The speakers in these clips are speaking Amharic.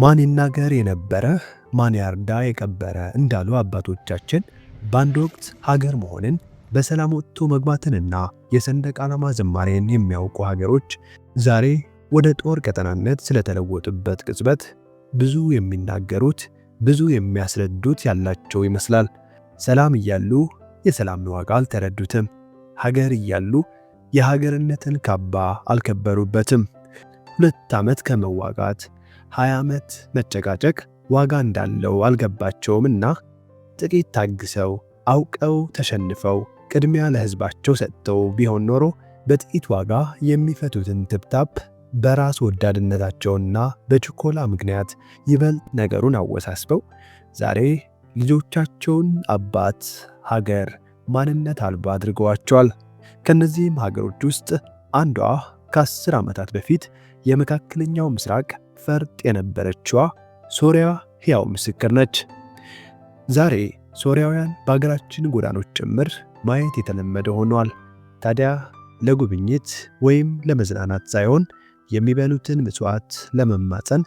ማን ይናገር የነበረ ማን ያርዳ የቀበረ እንዳሉ አባቶቻችን በአንድ ወቅት ሀገር መሆንን በሰላም ወጥቶ መግባትንና የሰንደቅ ዓላማ ዝማሬን የሚያውቁ ሀገሮች ዛሬ ወደ ጦር ቀጠናነት ስለተለወጡበት ቅጽበት ብዙ የሚናገሩት ብዙ የሚያስረዱት ያላቸው ይመስላል። ሰላም እያሉ የሰላምን ዋጋ አልተረዱትም። ሀገር እያሉ የሀገርነትን ካባ አልከበሩበትም። ሁለት ዓመት ከመዋጋት 20 ዓመት መጨቃጨቅ ዋጋ እንዳለው አልገባቸውም እና ጥቂት ታግሰው አውቀው ተሸንፈው ቅድሚያ ለሕዝባቸው ሰጥተው ቢሆን ኖሮ በጥቂት ዋጋ የሚፈቱትን ትብታብ በራስ ወዳድነታቸውና በችኮላ ምክንያት ይበልጥ ነገሩን አወሳስበው ዛሬ ልጆቻቸውን አባት፣ ሀገር፣ ማንነት አልባ አድርገዋቸዋል። ከነዚህም ሀገሮች ውስጥ አንዷ ከአስር ዓመታት በፊት የመካከለኛው ምስራቅ ፈርጥ የነበረችዋ ሶሪያ ሕያው ምስክር ነች። ዛሬ ሶሪያውያን በሀገራችን ጎዳኖች ጭምር ማየት የተለመደ ሆኗል። ታዲያ ለጉብኝት ወይም ለመዝናናት ሳይሆን የሚበሉትን ምጽዋት ለመማፀን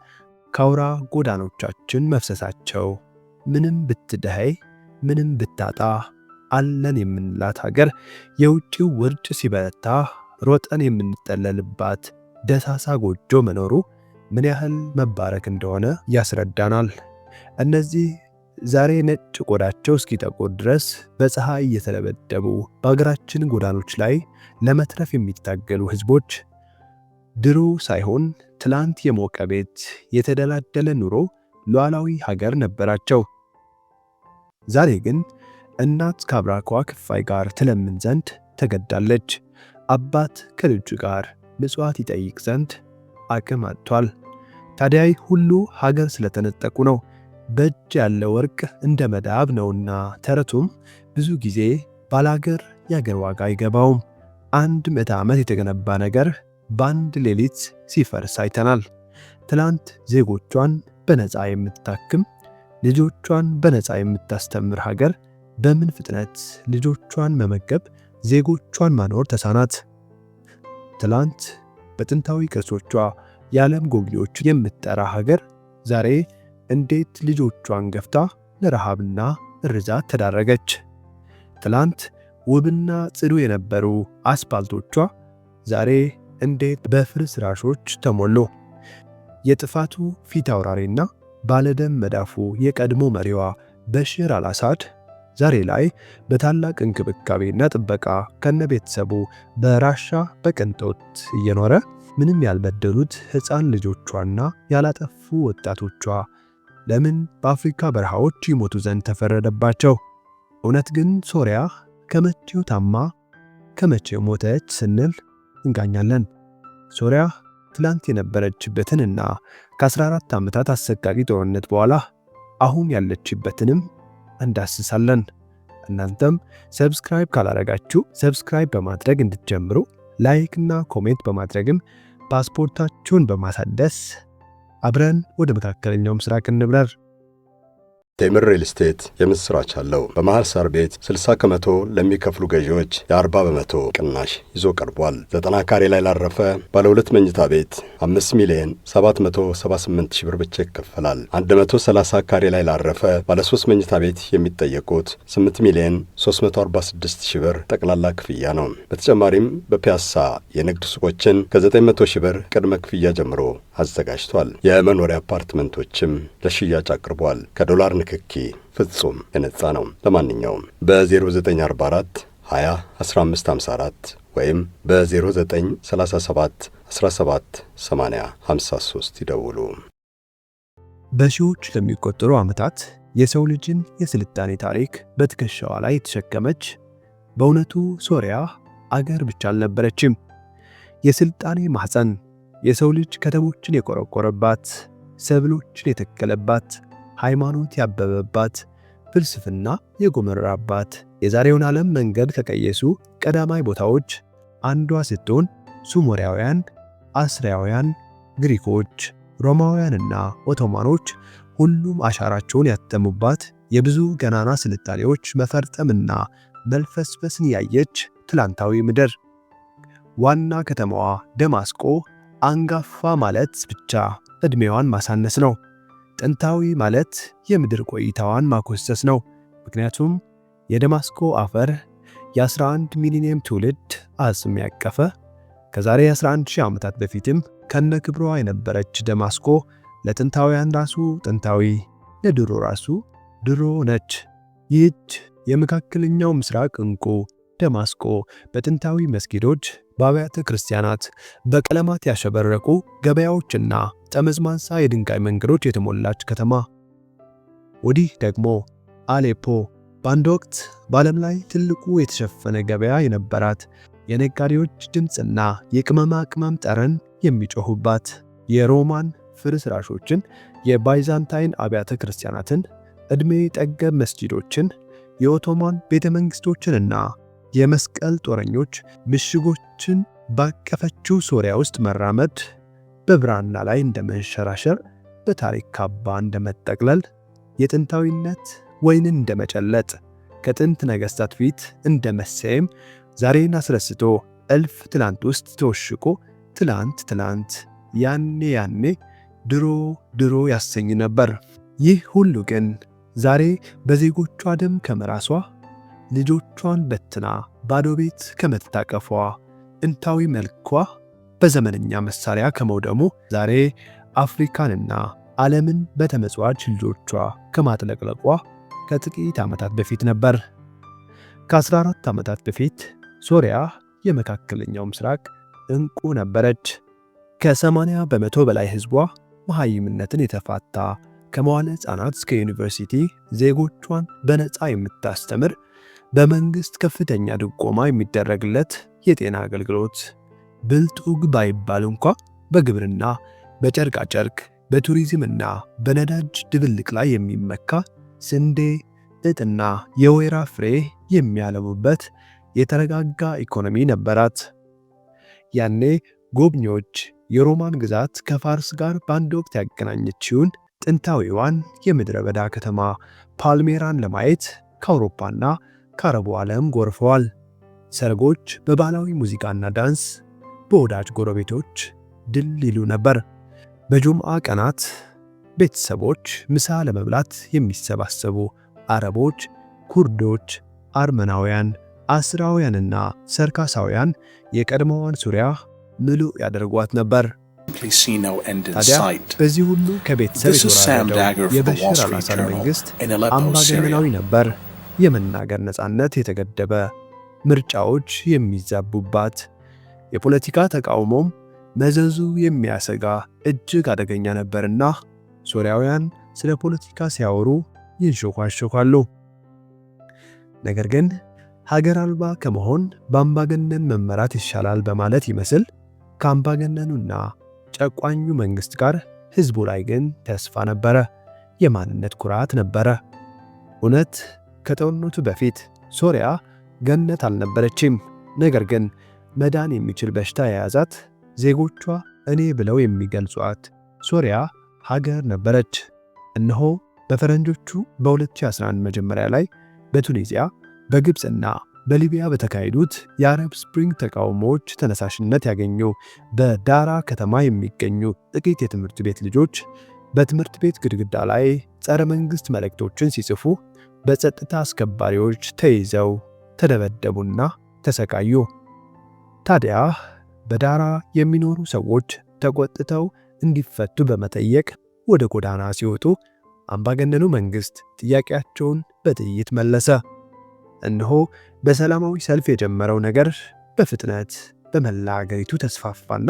ከአውራ ጎዳኖቻችን መፍሰሳቸው ምንም ብትደሃይ ምንም ብታጣ አለን የምንላት ሀገር የውጭው ውርጭ ሲበረታ ሮጠን የምንጠለልባት ደሳሳ ጎጆ መኖሩ ምን ያህል መባረክ እንደሆነ ያስረዳናል። እነዚህ ዛሬ ነጭ ቆዳቸው እስኪጠቁር ድረስ በፀሐይ እየተለበደቡ በሀገራችን ጎዳኖች ላይ ለመትረፍ የሚታገሉ ህዝቦች ድሩ ሳይሆን ትላንት የሞቀ ቤት፣ የተደላደለ ኑሮ፣ ሉዓላዊ ሀገር ነበራቸው። ዛሬ ግን እናት ከአብራኳ ክፋይ ጋር ትለምን ዘንድ ተገዳለች። አባት ከልጁ ጋር ምጽዋት ይጠይቅ ዘንድ አቅም አጥቷል። ታዲያ ሁሉ ሀገር ስለተነጠቁ ነው። በእጅ ያለ ወርቅ እንደ መዳብ ነውና ተረቱም ብዙ ጊዜ ባላገር የአገር ዋጋ አይገባውም። አንድ ምዕተ ዓመት የተገነባ ነገር በአንድ ሌሊት ሲፈርስ አይተናል። ትላንት ዜጎቿን በነፃ የምታክም ልጆቿን በነፃ የምታስተምር ሀገር በምን ፍጥነት ልጆቿን መመገብ ዜጎቿን ማኖር ተሳናት? ትላንት በጥንታዊ ቅርሶቿ የዓለም ጎብኚዎች የምትጠራ ሀገር ዛሬ እንዴት ልጆቿን ገፍታ ለረሃብና እርዛት ተዳረገች? ትላንት ውብና ጽዱ የነበሩ አስፓልቶቿ ዛሬ እንዴት በፍርስራሾች ተሞሉ? የጥፋቱ ፊት አውራሪና ባለደም መዳፉ የቀድሞ መሪዋ በሽር አልአሳድ ዛሬ ላይ በታላቅ እንክብካቤና ጥበቃ ከነ ቤተሰቡ በራሻ በቅንጦት እየኖረ ምንም ያልበደሉት ሕፃን ልጆቿና ያላጠፉ ወጣቶቿ ለምን በአፍሪካ በረሃዎች ይሞቱ ዘንድ ተፈረደባቸው? እውነት ግን ሶሪያ ከመቼው ታማ ከመቼው ሞተች ስንል እንጋኛለን። ሶሪያ ትላንት የነበረችበትንና ከ14 ዓመታት አሰቃቂ ጦርነት በኋላ አሁን ያለችበትንም እንዳስሳለን። እናንተም ሰብስክራይብ ካላረጋችሁ ሰብስክራይብ በማድረግ እንድትጀምሩ ላይክ እና ኮሜንት በማድረግም ፓስፖርታችሁን በማሳደስ አብረን ወደ መካከለኛው ምስራቅ እንብረር። ቴምር ሪል ስቴት የምስራች አለው። በመሀል ሳር ቤት 60 ከመቶ ለሚከፍሉ ገዢዎች የ40 በመቶ ቅናሽ ይዞ ቀርቧል። ዘጠና ካሬ ላይ ላረፈ ባለ ሁለት መኝታ ቤት 5 ሚሊዮን 778 ሺህ ብር ብቻ ይከፈላል። 130 ካሬ ላይ ላረፈ ባለ 3 መኝታ ቤት የሚጠየቁት 8 ሚሊዮን 346 ሺህ ብር ጠቅላላ ክፍያ ነው። በተጨማሪም በፒያሳ የንግድ ሱቆችን ከ900 ሺህ ብር ቅድመ ክፍያ ጀምሮ አዘጋጅቷል። የመኖሪያ አፓርትመንቶችም ለሽያጭ አቅርቧል። ከዶላር ንክኪ ፍጹም የነጻ ነው። ለማንኛውም በ0944 20 1554 ወይም በ0937 17 80 53 ይደውሉ። በሺዎች ለሚቆጠሩ ዓመታት የሰው ልጅን የስልጣኔ ታሪክ በትከሻዋ ላይ የተሸከመች በእውነቱ ሶሪያ አገር ብቻ አልነበረችም። የስልጣኔ ማህፀን፣ የሰው ልጅ ከተሞችን የቆረቆረባት፣ ሰብሎችን የተከለባት ሃይማኖት ያበበባት፣ ፍልስፍና የጎመራባት የዛሬውን ዓለም መንገድ ከቀየሱ ቀዳማይ ቦታዎች አንዷ ስትሆን ሱሜራውያን፣ አስሪያውያን፣ ግሪኮች፣ ሮማውያንና ኦቶማኖች ሁሉም አሻራቸውን ያተሙባት የብዙ ገናና ስልጣኔዎች መፈርጠምና መልፈስፈስን ያየች ትላንታዊ ምድር። ዋና ከተማዋ ደማስቆ አንጋፋ ማለት ብቻ ዕድሜዋን ማሳነስ ነው። ጥንታዊ ማለት የምድር ቆይታዋን ማኮሰስ ነው። ምክንያቱም የደማስቆ አፈር የ11 ሚሊኒየም ትውልድ አጽም ያቀፈ ከዛሬ 11 ሺህ ዓመታት በፊትም ከነ ክብሯ የነበረች ደማስቆ ለጥንታውያን ራሱ ጥንታዊ፣ ለድሮ ራሱ ድሮ ነች። ይህች የመካከለኛው ምስራቅ እንቁ ደማስቆ በጥንታዊ መስጊዶች በአብያተ ክርስቲያናት በቀለማት ያሸበረቁ ገበያዎችና ጠመዝማዛ የድንጋይ መንገዶች የተሞላች ከተማ። ወዲህ ደግሞ አሌፖ በአንድ ወቅት በዓለም ላይ ትልቁ የተሸፈነ ገበያ የነበራት የነጋዴዎች ድምፅና የቅመማ ቅመም ጠረን የሚጮሁባት የሮማን ፍርስራሾችን፣ የባይዛንታይን አብያተ ክርስቲያናትን፣ ዕድሜ ጠገብ መስጂዶችን፣ የኦቶማን ቤተ መንግስቶችንና የመስቀል ጦረኞች ምሽጎችን ባቀፈችው ሶሪያ ውስጥ መራመድ በብራና ላይ እንደ መንሸራሸር፣ በታሪክ ካባ እንደ መጠቅለል፣ የጥንታዊነት ወይንን እንደ መጨለጥ፣ ከጥንት ነገሥታት ፊት እንደ መሰየም፣ ዛሬን አስረስቶ እልፍ ትላንት ውስጥ ተወሽቆ ትላንት ትላንት ያኔ ያኔ ድሮ ድሮ ያሰኝ ነበር። ይህ ሁሉ ግን ዛሬ በዜጎቿ ደም ከመራሷ ልጆቿን በትና ባዶ ቤት ከመታቀፏ ጥንታዊ መልኳ በዘመነኛ መሳሪያ ከመውደሙ ዛሬ አፍሪካንና ዓለምን በተመጽዋች ልጆቿ ከማጥለቅለቋ ከጥቂት ዓመታት በፊት ነበር። ከ14 ዓመታት በፊት ሶሪያ የመካከለኛው ምስራቅ እንቁ ነበረች። ከ80 በመቶ በላይ ህዝቧ መሐይምነትን የተፋታ ከመዋለ ሕፃናት እስከ ዩኒቨርሲቲ ዜጎቿን በነፃ የምታስተምር በመንግስት ከፍተኛ ድጎማ የሚደረግለት የጤና አገልግሎት ብልጡግ ባይባል እንኳ በግብርና፣ በጨርቃጨርቅ፣ በቱሪዝምና በነዳጅ ድብልቅ ላይ የሚመካ ስንዴ፣ ጥጥና የወይራ ፍሬ የሚያለሙበት የተረጋጋ ኢኮኖሚ ነበራት። ያኔ ጎብኚዎች የሮማን ግዛት ከፋርስ ጋር በአንድ ወቅት ያገናኘችውን ጥንታዊዋን የምድረ በዳ ከተማ ፓልሜራን ለማየት ከአውሮፓና ከአረቡ ዓለም ጎርፈዋል። ሰርጎች በባህላዊ ሙዚቃና ዳንስ በወዳጅ ጎረቤቶች ድል ይሉ ነበር። በጁምዓ ቀናት ቤተሰቦች ምሳ ለመብላት የሚሰባሰቡ አረቦች፣ ኩርዶች፣ አርመናውያን፣ አስራውያንና ሰርካሳውያን የቀድሞዋን ሱሪያ ምሉእ ያደርጓት ነበር። ታዲያ በዚህ ሁሉ ከቤተሰብ የተወራረደው የበሽር አልአሳድ መንግሥት አምባገነናዊ ነበር። የመናገር ነፃነት የተገደበ፣ ምርጫዎች የሚዛቡባት፣ የፖለቲካ ተቃውሞም መዘዙ የሚያሰጋ እጅግ አደገኛ ነበርና ሶሪያውያን ስለ ፖለቲካ ሲያወሩ ይንሾኳሾኳሉ። ነገር ግን ሀገር አልባ ከመሆን በአምባገነን መመራት ይሻላል በማለት ይመስል ከአምባገነኑና ጨቋኙ መንግስት ጋር ህዝቡ ላይ ግን ተስፋ ነበረ። የማንነት ኩራት ነበረ። እውነት ከጦርነቱ በፊት ሶሪያ ገነት አልነበረችም። ነገር ግን መዳን የሚችል በሽታ የያዛት ዜጎቿ እኔ ብለው የሚገልጿት ሶሪያ ሀገር ነበረች። እነሆ በፈረንጆቹ በ2011 መጀመሪያ ላይ በቱኒዚያ በግብፅና በሊቢያ በተካሄዱት የአረብ ስፕሪንግ ተቃውሞዎች ተነሳሽነት ያገኙ በዳራ ከተማ የሚገኙ ጥቂት የትምህርት ቤት ልጆች በትምህርት ቤት ግድግዳ ላይ ጸረ መንግስት መልእክቶችን ሲጽፉ በጸጥታ አስከባሪዎች ተይዘው ተደበደቡና ተሰቃዩ። ታዲያ በዳራ የሚኖሩ ሰዎች ተቆጥተው እንዲፈቱ በመጠየቅ ወደ ጎዳና ሲወጡ አምባገነኑ መንግስት ጥያቄያቸውን በጥይት መለሰ። እነሆ በሰላማዊ ሰልፍ የጀመረው ነገር በፍጥነት በመላ አገሪቱ ተስፋፋና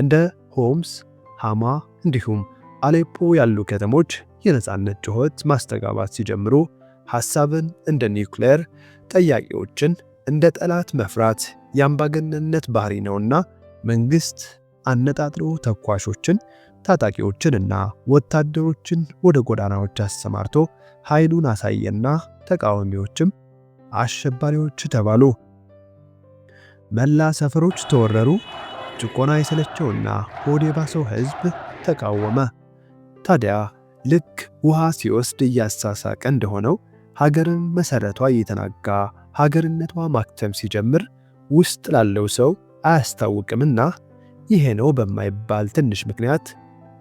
እንደ ሆምስ፣ ሃማ እንዲሁም አሌፖ ያሉ ከተሞች የነጻነት ጩኸት ማስተጋባት ሲጀምሩ ሐሳብን እንደ ኒውክሌር፣ ጠያቂዎችን እንደ ጠላት መፍራት የአምባገነንነት ባህሪ ነውና መንግስት አነጣጥሮ ተኳሾችን፣ ታጣቂዎችንና ወታደሮችን ወደ ጎዳናዎች አሰማርቶ ኃይሉን አሳየና ተቃዋሚዎችም አሸባሪዎች ተባሉ። መላ ሰፈሮች ተወረሩ። ጭቆና የሰለቸውና ሆድ የባሰው ሕዝብ ተቃወመ። ታዲያ ልክ ውሃ ሲወስድ እያሳሳቀ እንደሆነው ሀገርን መሰረቷ እየተናጋ ሀገርነቷ ማክተም ሲጀምር ውስጥ ላለው ሰው አያስታውቅምና ይሄ ነው በማይባል ትንሽ ምክንያት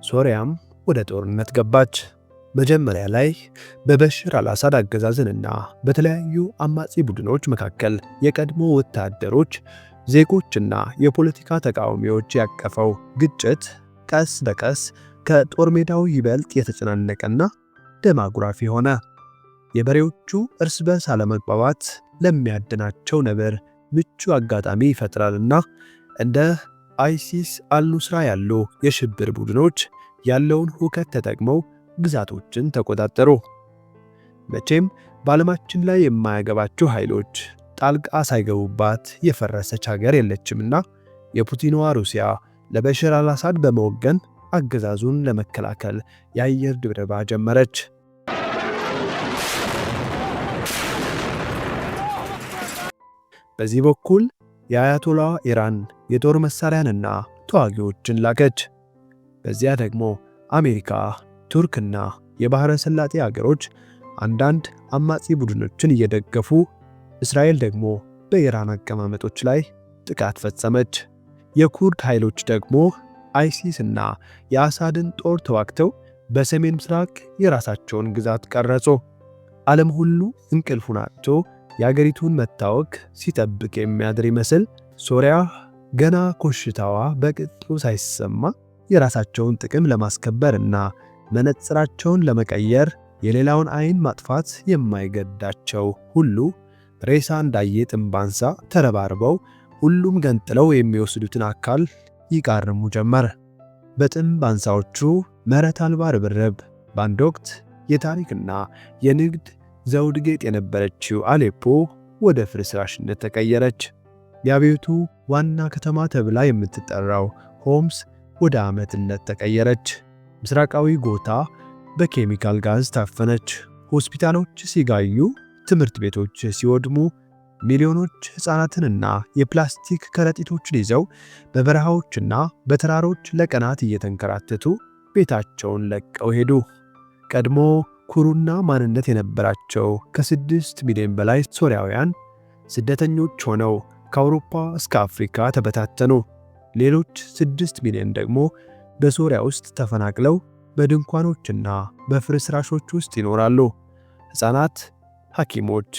ሶሪያም ወደ ጦርነት ገባች። መጀመሪያ ላይ በበሽር አልአሳድ አገዛዝንና በተለያዩ አማጺ ቡድኖች መካከል የቀድሞ ወታደሮች፣ ዜጎችና የፖለቲካ ተቃዋሚዎች ያቀፈው ግጭት ቀስ በቀስ ከጦር ሜዳው ይበልጥ የተጨናነቀና ደም አጉራፊ ሆነ። የበሬዎቹ እርስ በርስ አለመግባባት ለሚያድናቸው ነበር ምቹ አጋጣሚ ይፈጥራልና እንደ አይሲስ አልኑስራ ያሉ የሽብር ቡድኖች ያለውን ሁከት ተጠቅመው ግዛቶችን ተቆጣጠሩ። መቼም በዓለማችን ላይ የማያገባቸው ኃይሎች ጣልቃ ሳይገቡባት የፈረሰች ሀገር የለችምና የፑቲንዋ ሩሲያ ለበሽር አላሳድ በመወገን አገዛዙን ለመከላከል የአየር ድብደባ ጀመረች። በዚህ በኩል የአያቶላ ኢራን የጦር መሳሪያንና ተዋጊዎችን ላከች። በዚያ ደግሞ አሜሪካ፣ ቱርክና የባሕረ ሰላጤ አገሮች አንዳንድ አማጺ ቡድኖችን እየደገፉ፣ እስራኤል ደግሞ በኢራን አቀማመጦች ላይ ጥቃት ፈጸመች። የኩርድ ኃይሎች ደግሞ አይሲስ እና የአሳድን ጦር ተዋግተው በሰሜን ምስራቅ የራሳቸውን ግዛት ቀረጹ። ዓለም ሁሉ እንቅልፉን አጥቶ የአገሪቱን መታወክ ሲጠብቅ የሚያድር ይመስል ሶሪያ ገና ኮሽታዋ በቅጡ ሳይሰማ የራሳቸውን ጥቅም ለማስከበር እና መነጽራቸውን ለመቀየር የሌላውን አይን ማጥፋት የማይገዳቸው ሁሉ ሬሳ እንዳየ ጥንባንሳ ተረባርበው ሁሉም ገንጥለው የሚወስዱትን አካል ይቃርሙ ጀመር። በጥንባንሳዎቹ መረት አልባ ርብርብ በአንድ ወቅት የታሪክና የንግድ ዘውድ ጌጥ የነበረችው አሌፖ ወደ ፍርስራሽነት ተቀየረች። የአብዮቱ ዋና ከተማ ተብላ የምትጠራው ሆምስ ወደ አመትነት ተቀየረች። ምስራቃዊ ጎታ በኬሚካል ጋዝ ታፈነች። ሆስፒታሎች ሲጋዩ፣ ትምህርት ቤቶች ሲወድሙ፣ ሚሊዮኖች ሕፃናትንና የፕላስቲክ ከረጢቶችን ይዘው በበረሃዎችና በተራሮች ለቀናት እየተንከራተቱ ቤታቸውን ለቀው ሄዱ። ቀድሞ ኩሩና ማንነት የነበራቸው ከስድስት ሚሊዮን በላይ ሶሪያውያን ስደተኞች ሆነው ከአውሮፓ እስከ አፍሪካ ተበታተኑ። ሌሎች ስድስት ሚሊዮን ደግሞ በሶሪያ ውስጥ ተፈናቅለው በድንኳኖችና በፍርስራሾች ውስጥ ይኖራሉ። ሕፃናት፣ ሐኪሞች፣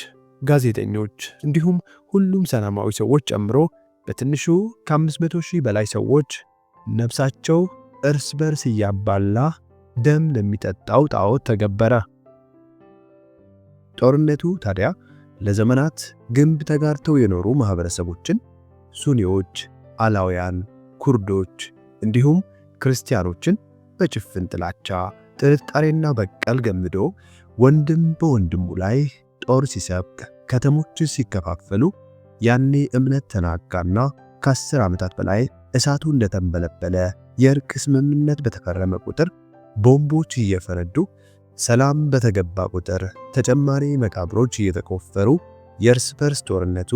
ጋዜጠኞች እንዲሁም ሁሉም ሰላማዊ ሰዎች ጨምሮ በትንሹ ከ500 ሺህ በላይ ሰዎች ነፍሳቸው እርስ በርስ እያባላ ደም ለሚጠጣው ጣዖት ተገበረ። ጦርነቱ ታዲያ ለዘመናት ግንብ ተጋርተው የኖሩ ማህበረሰቦችን ሱኒዎች፣ አላውያን፣ ኩርዶች እንዲሁም ክርስቲያኖችን በጭፍን ጥላቻ፣ ጥርጣሬና በቀል ገምዶ ወንድም በወንድሙ ላይ ጦር ሲሰብቅ ከተሞችን ሲከፋፈሉ ያኔ እምነት ተናጋና ከአስር ዓመታት በላይ እሳቱ እንደተንበለበለ የእርቅ ስምምነት በተፈረመ ቁጥር ቦምቦች እየፈነዱ ሰላም በተገባ ቁጥር ተጨማሪ መቃብሮች እየተቆፈሩ የእርስ በርስ ጦርነቱ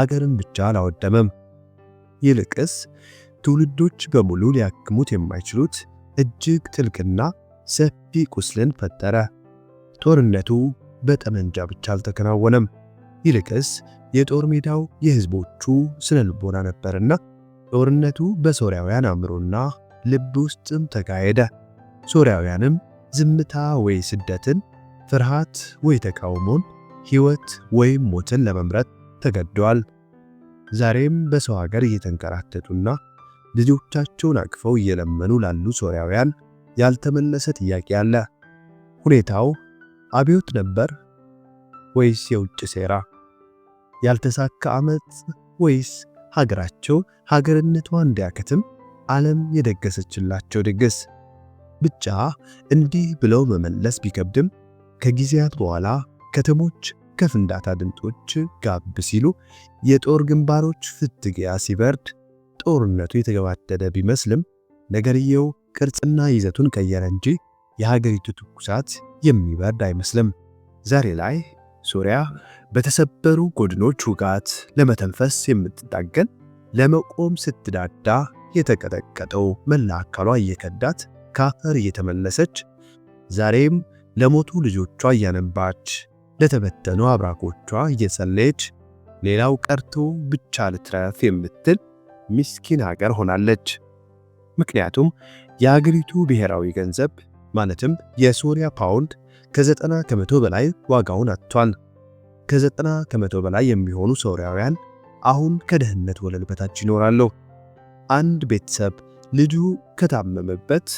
አገርን ብቻ አላወደመም። ይልቅስ ትውልዶች በሙሉ ሊያክሙት የማይችሉት እጅግ ትልቅና ሰፊ ቁስልን ፈጠረ። ጦርነቱ በጠመንጃ ብቻ አልተከናወነም። ይልቅስ የጦር ሜዳው የህዝቦቹ ስነ ልቦና ነበርና ጦርነቱ በሶርያውያን አእምሮና ልብ ውስጥም ተካሄደ። ሶርያውያንም ዝምታ ወይ ስደትን፣ ፍርሃት ወይ ተቃውሞን፣ ሕይወት ወይም ሞትን ለመምረጥ ተገደዋል። ዛሬም በሰው ሀገር እየተንከራተቱና ልጆቻቸውን አቅፈው እየለመኑ ላሉ ሶርያውያን ያልተመለሰ ጥያቄ አለ። ሁኔታው አብዮት ነበር ወይስ የውጭ ሴራ? ያልተሳካ ዓመት ወይስ ሀገራቸው ሀገርነቷ እንዲያከትም ዓለም የደገሰችላቸው ድግስ? ብቻ እንዲህ ብለው መመለስ ቢከብድም ከጊዜያት በኋላ ከተሞች ከፍንዳታ ድምጦች ጋብ ሲሉ፣ የጦር ግንባሮች ፍትጊያ ሲበርድ፣ ጦርነቱ የተገባደደ ቢመስልም ነገርየው ቅርጽና ይዘቱን ቀየረ እንጂ የሀገሪቱ ትኩሳት የሚበርድ አይመስልም። ዛሬ ላይ ሶሪያ በተሰበሩ ጎድኖች ውጋት ለመተንፈስ የምትጣገን ለመቆም ስትዳዳ የተቀጠቀጠው መላ አካሏ እየከዳት ከአፈር እየተመለሰች ዛሬም ለሞቱ ልጆቿ እያነባች ለተበተኑ አብራኮቿ እየጸለየች ሌላው ቀርቶ ብቻ ልትረፍ የምትል ምስኪን ሀገር ሆናለች። ምክንያቱም የሀገሪቱ ብሔራዊ ገንዘብ ማለትም የሶሪያ ፓውንድ ከዘጠና ከመቶ በላይ ዋጋውን አጥቷል። ከዘጠና ከመቶ በላይ የሚሆኑ ሶሪያውያን አሁን ከድህነት ወለል በታች ይኖራሉ። አንድ ቤተሰብ ልጁ ከታመመበት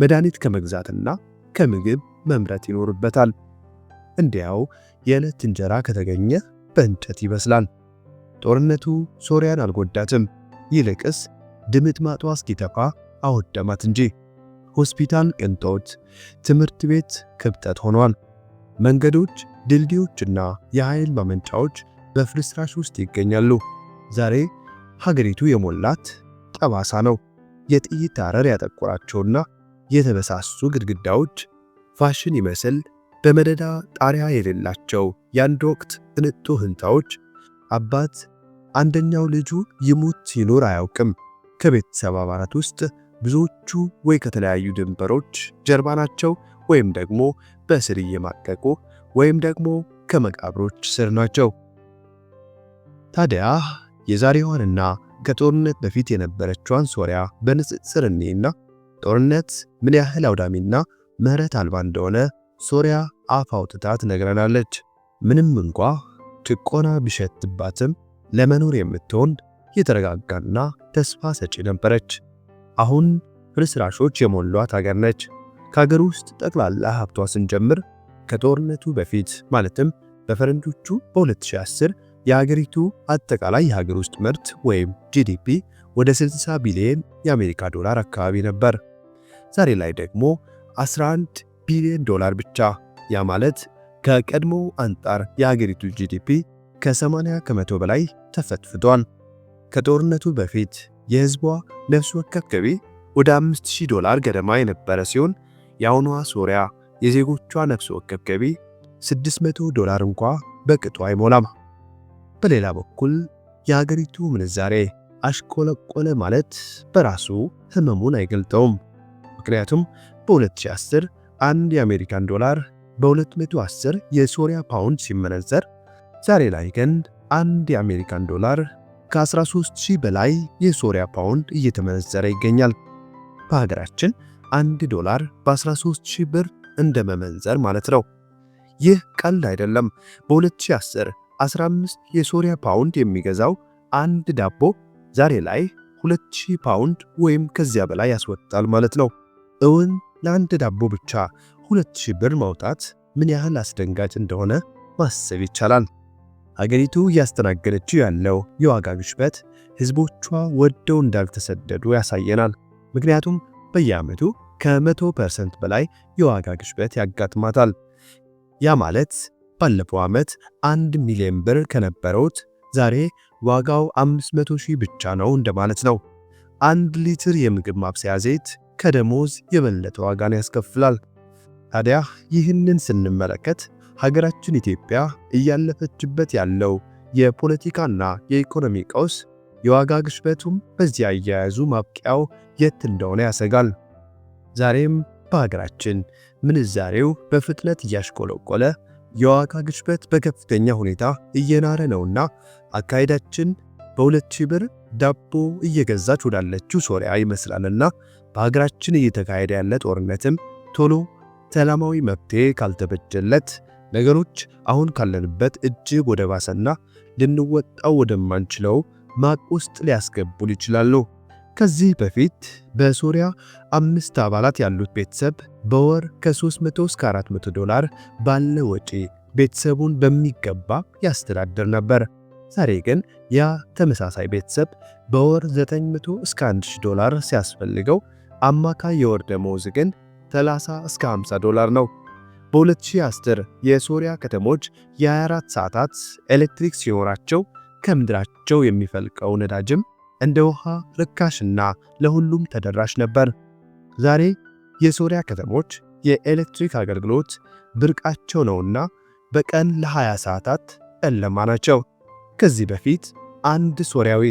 መድኃኒት ከመግዛትና ከምግብ መምረት ይኖርበታል። እንዲያው የዕለት እንጀራ ከተገኘ በእንጨት ይበስላል። ጦርነቱ ሶርያን አልጎዳትም፣ ይልቅስ ድምጥማጧ እስኪጠፋ አወደማት እንጂ። ሆስፒታል ቅንጦት፣ ትምህርት ቤት ክብጠት ሆኗል። መንገዶች፣ ድልድዮችና የኃይል ማመንጫዎች በፍርስራሽ ውስጥ ይገኛሉ። ዛሬ ሀገሪቱ የሞላት ጠባሳ ነው። የጥይት አረር ያጠቆራቸውና የተበሳሱ ግድግዳዎች ፋሽን ይመስል በመደዳ ጣሪያ የሌላቸው የአንድ ወቅት ቅንጡ ህንፃዎች። አባት አንደኛው ልጁ ይሙት ይኑር አያውቅም። ከቤተሰብ አባላት ውስጥ ብዙዎቹ ወይ ከተለያዩ ድንበሮች ጀርባ ናቸው፣ ወይም ደግሞ በስር እየማቀቁ ወይም ደግሞ ከመቃብሮች ስር ናቸው። ታዲያ የዛሬዋንና ከጦርነት በፊት የነበረችዋን ሶሪያ በንጽጽር እኔና ጦርነት ምን ያህል አውዳሚና ምህረት አልባ እንደሆነ ሶሪያ አፍ አውጥታ ትነግረናለች። ምንም እንኳ ጭቆና ቢሸትባትም ለመኖር የምትሆን የተረጋጋና ተስፋ ሰጪ ነበረች። አሁን ፍርስራሾች የሞሏት ሀገር ነች። ከሀገር ውስጥ ጠቅላላ ሀብቷ ስንጀምር ከጦርነቱ በፊት ማለትም በፈረንጆቹ በ2010 የሀገሪቱ አጠቃላይ የሀገር ውስጥ ምርት ወይም ጂዲፒ ወደ 60 ቢሊዮን የአሜሪካ ዶላር አካባቢ ነበር። ዛሬ ላይ ደግሞ 11 ቢሊዮን ዶላር ብቻ። ያ ማለት ከቀድሞ አንጻር የሀገሪቱ ጂዲፒ ከ80 ከመቶ በላይ ተፈትፍቷል። ከጦርነቱ በፊት የህዝቧ ነፍስ ወከፍ ገቢ ወደ 5000 ዶላር ገደማ የነበረ ሲሆን የአሁኗ ሶሪያ የዜጎቿ ነፍስ ወከፍ ገቢ 600 ዶላር እንኳ በቅጡ አይሞላም። በሌላ በኩል የሀገሪቱ ምንዛሬ አሽቆለቆለ ማለት በራሱ ህመሙን አይገልጠውም። ምክንያቱም በ2010 አንድ የአሜሪካን ዶላር በ210 የሶሪያ ፓውንድ ሲመነዘር ዛሬ ላይ ግን አንድ የአሜሪካን ዶላር ከ13000 በላይ የሶሪያ ፓውንድ እየተመነዘረ ይገኛል። በሀገራችን አንድ ዶላር በ13000 ብር እንደ መመንዘር ማለት ነው። ይህ ቀልድ አይደለም። በ2010 15 የሶሪያ ፓውንድ የሚገዛው አንድ ዳቦ ዛሬ ላይ 2000 ፓውንድ ወይም ከዚያ በላይ ያስወጣል ማለት ነው። እውን ለአንድ ዳቦ ብቻ ሺህ ብር ማውጣት ምን ያህል አስደንጋጭ እንደሆነ ማሰብ ይቻላል። ሀገሪቱ እያስተናገደችው ያለው የዋጋ ግሽበት ህዝቦቿ ወደው እንዳልተሰደዱ ያሳየናል። ምክንያቱም በየዓመቱ ከ100% በላይ የዋጋ ግሽበት ያጋጥማታል። ያ ማለት ባለፈው ዓመት አንድ ሚሊዮን ብር ከነበረውት ዛሬ ዋጋው 500 ሺህ ብቻ ነው እንደማለት ነው። አንድ ሊትር የምግብ ማብሰያ ዘይት ከደሞዝ የበለጠ ዋጋን ያስከፍላል። ታዲያ ይህንን ስንመለከት ሀገራችን ኢትዮጵያ እያለፈችበት ያለው የፖለቲካና የኢኮኖሚ ቀውስ የዋጋ ግሽበቱም በዚህ አያያዙ ማብቂያው የት እንደሆነ ያሰጋል። ዛሬም በሀገራችን ምንዛሬው በፍጥነት እያሽቆለቆለ የዋጋ ግሽበት በከፍተኛ ሁኔታ እየናረ ነውና አካሄዳችን በሁለት ሺህ ብር ዳቦ እየገዛች ወዳለችው ሶሪያ ይመስላልና በሀገራችን እየተካሄደ ያለ ጦርነትም ቶሎ ሰላማዊ መፍትሄ ካልተበጀለት ነገሮች አሁን ካለንበት እጅግ ወደ ባሰና ልንወጣው ወደማንችለው ማቅ ውስጥ ሊያስገቡን ይችላሉ። ከዚህ በፊት በሶሪያ አምስት አባላት ያሉት ቤተሰብ በወር ከ300 እስከ 400 ዶላር ባለ ወጪ ቤተሰቡን በሚገባ ያስተዳድር ነበር። ዛሬ ግን ያ ተመሳሳይ ቤተሰብ በወር 900 እስከ 1000 ዶላር ሲያስፈልገው አማካይ የወር ደመወዝ ግን 30 እስከ 50 ዶላር ነው። በ2010 የሶሪያ ከተሞች የ24 ሰዓታት ኤሌክትሪክ ሲኖራቸው ከምድራቸው የሚፈልቀው ነዳጅም እንደ ውሃ ርካሽና ለሁሉም ተደራሽ ነበር። ዛሬ የሶሪያ ከተሞች የኤሌክትሪክ አገልግሎት ብርቃቸው ነውና በቀን ለ20 ሰዓታት ጨለማ ናቸው። ከዚህ በፊት አንድ ሶሪያዊ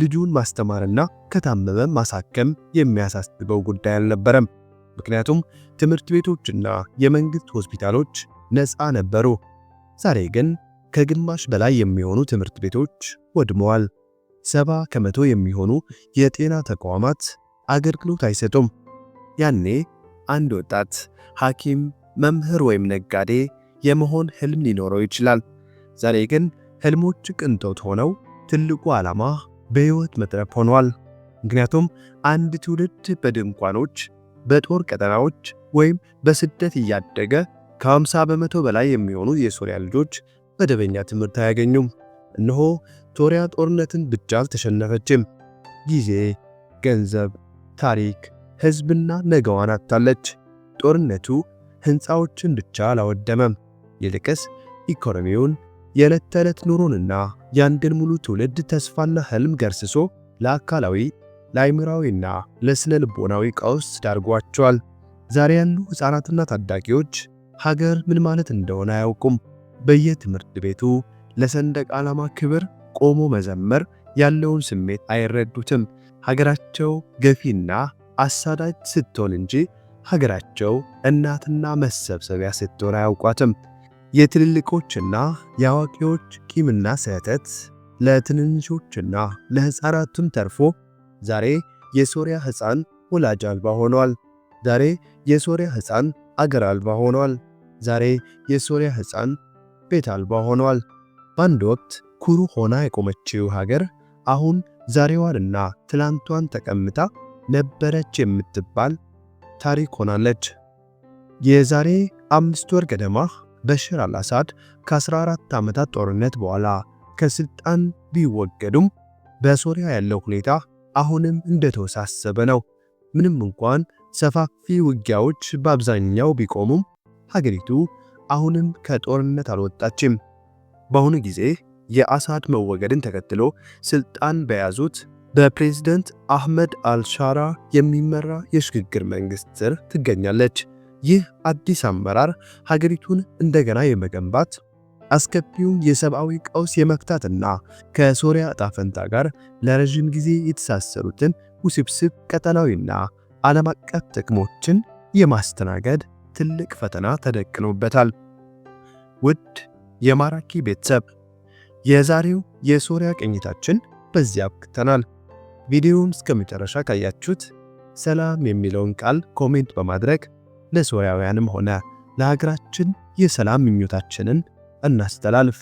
ልጁን ማስተማርና ከታመመ ማሳከም የሚያሳስበው ጉዳይ አልነበረም። ምክንያቱም ትምህርት ቤቶችና የመንግስት ሆስፒታሎች ነፃ ነበሩ። ዛሬ ግን ከግማሽ በላይ የሚሆኑ ትምህርት ቤቶች ወድመዋል። ሰባ ከመቶ የሚሆኑ የጤና ተቋማት አገልግሎት አይሰጡም። ያኔ አንድ ወጣት ሐኪም፣ መምህር ወይም ነጋዴ የመሆን ህልም ሊኖረው ይችላል። ዛሬ ግን ህልሞች ቅንጦት ሆነው ትልቁ ዓላማ በሕይወት መጥረፍ ሆኗል። ምክንያቱም አንድ ትውልድ በድንኳኖች በጦር ቀጠናዎች ወይም በስደት እያደገ ከ50 በመቶ በላይ የሚሆኑ የሶሪያ ልጆች መደበኛ ትምህርት አያገኙም። እነሆ ሶሪያ ጦርነትን ብቻ አልተሸነፈችም። ጊዜ፣ ገንዘብ፣ ታሪክ፣ ሕዝብና ነገዋን አጥታለች። ጦርነቱ ሕንፃዎችን ብቻ አላወደመም፣ ይልቅስ ኢኮኖሚውን የዕለት ተዕለት ኑሮንና የአንድን ሙሉ ትውልድ ተስፋና ህልም ገርስሶ ለአካላዊ ለአእምሯዊና ለስነ ልቦናዊ ቀውስ ዳርጓቸዋል። ዛሬ ያሉ ሕፃናትና ታዳጊዎች ሀገር ምን ማለት እንደሆነ አያውቁም። በየትምህርት ቤቱ ለሰንደቅ ዓላማ ክብር ቆሞ መዘመር ያለውን ስሜት አይረዱትም። ሀገራቸው ገፊና አሳዳጅ ስትሆን እንጂ ሀገራቸው እናትና መሰብሰቢያ ስትሆን አያውቋትም። የትልልቆችና የአዋቂዎች ቂምና ስህተት ለትንንሾችና ለሕፃናቱም ተርፎ ዛሬ የሶሪያ ሕፃን ወላጅ አልባ ሆኗል። ዛሬ የሶሪያ ሕፃን አገር አልባ ሆኗል። ዛሬ የሶሪያ ሕፃን ቤት አልባ ሆኗል። በአንድ ወቅት ኩሩ ሆና የቆመችው ሀገር አሁን ዛሬዋንና ትላንቷን ተቀምጣ ነበረች የምትባል ታሪክ ሆናለች። የዛሬ አምስት ወር ገደማ በሽር አልአሳድ ከ14 ዓመታት ጦርነት በኋላ ከስልጣን ቢወገዱም በሶሪያ ያለው ሁኔታ አሁንም እንደተወሳሰበ ነው። ምንም እንኳን ሰፋፊ ውጊያዎች በአብዛኛው ቢቆሙም ሀገሪቱ አሁንም ከጦርነት አልወጣችም። በአሁኑ ጊዜ የአሳድ መወገድን ተከትሎ ስልጣን በያዙት በፕሬዝደንት አህመድ አልሻራ የሚመራ የሽግግር መንግስት ስር ትገኛለች። ይህ አዲስ አመራር ሀገሪቱን እንደገና የመገንባት አስከፊውን የሰብአዊ ቀውስ የመክታትና ከሶሪያ ዕጣ ፈንታ ጋር ለረዥም ጊዜ የተሳሰሩትን ውስብስብ ቀጠናዊና ዓለም አቀፍ ጥቅሞችን የማስተናገድ ትልቅ ፈተና ተደቅኖበታል። ውድ የማራኪ ቤተሰብ የዛሬው የሶሪያ ቅኝታችን በዚያ አብቅተናል። ቪዲዮውን እስከ መጨረሻ ካያችሁት ሰላም የሚለውን ቃል ኮሜንት በማድረግ ለሶርያውያንም ሆነ ለሀገራችን የሰላም ምኞታችንን እናስተላልፍ።